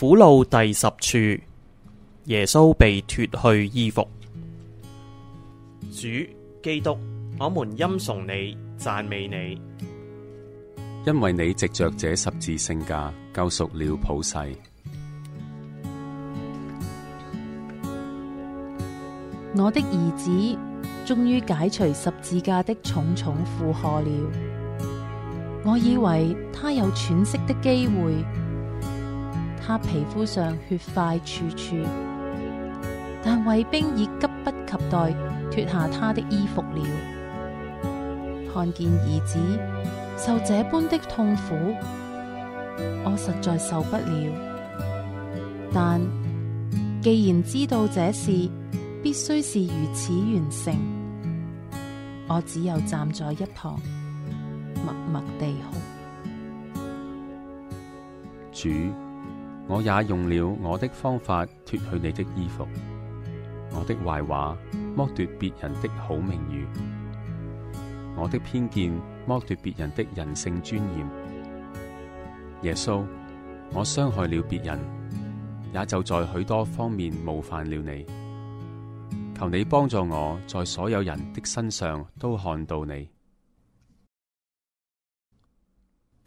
苦路第十處，耶穌被脱去衣服。主基督，我們欽崇你，讚美你，因為你藉着這十字聖架救贖了普世。我的兒子終於解除十字架的重重負荷了。我以為他有喘息的機會。他皮膚上血塊處處，但衛兵已急不及待脱下他的衣服了。看見兒子受這般的痛苦，我實在受不了。但既然知道這事必須是如此完成，我只有站在一旁，默默地哭。主。我也用了我的方法脫去你的衣服，我的壞話剝奪別人的好名譽，我的偏見剝奪別人的人性尊嚴。耶穌，我傷害了別人，也就在許多方面冒犯了你。求你幫助我在所有人的身上都看到你。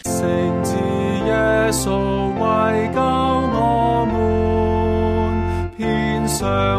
聖子耶